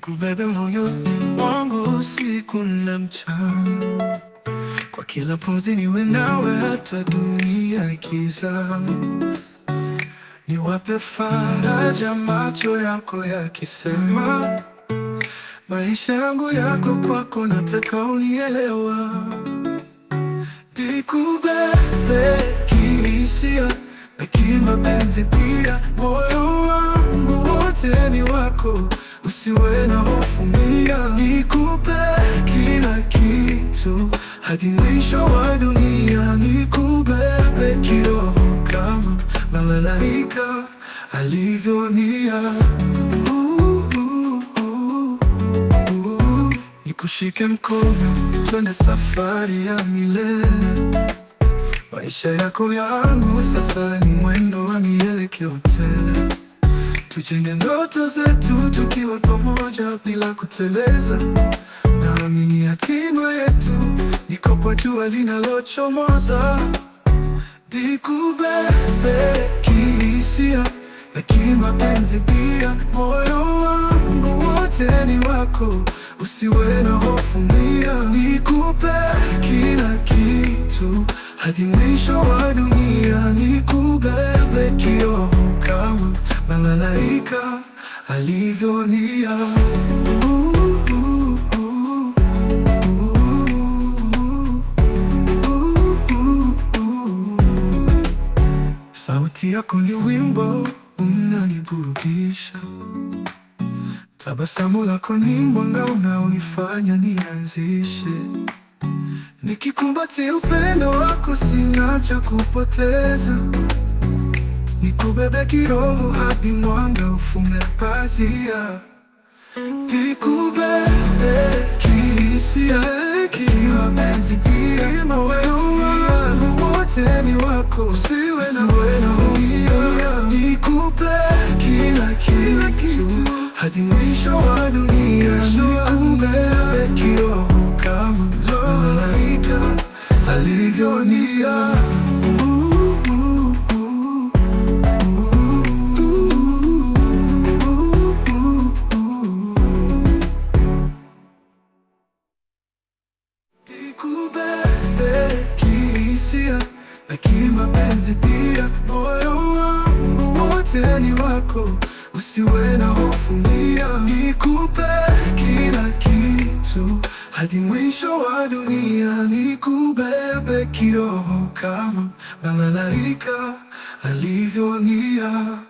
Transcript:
kubebe moyo wangu siku na mchana, kwa kila pumzi niwe nawe, hata dunia ikizama. Niwape faraja macho yako yakisema, maisha yangu yako kwako, nataka unielewa. Nikubebe kihisia, na kimapenzi pia, moyo wangu wote ni wako. Usiwe na hofu mia, nikupe kila kitu hadi mwisho wa dunia, nikubebe kiroho kama malaika alivyonia, nikushike mkono, twende safari ya milele. Maisha yako yangu sasa ni mwendo wa mielekeo tele. Tujenge ndoto zetu tukiwa pamoja bila kuteleza, naamini hatima yetu iko kwa jua linalochomoza. Nikubebe kihisia na kimapenzi pia, moyo wangu wote ni wako, usiwe na malaika alivyolia sauti yako ni wimbo unaniburudisha, tabasamu lako ni mwanga unaonifanya nianzishe, nikikumbatia upendo wako sina cha kupoteza nikubebe kiroho hadi mwanga ufume pazia, nikubebe kihisia, kiwa mapenzi wote ni wako, usiwe na wewe, nikupe kitu hadi mwisho wa dunia, nikubebe kiroho kama malaika alivyonia kazi moyo wangu wote ni wako, usiwe na hofu mia, nikupe kila kitu hadi mwisho wa dunia, nikubebe kiroho kama malaika alivyonia.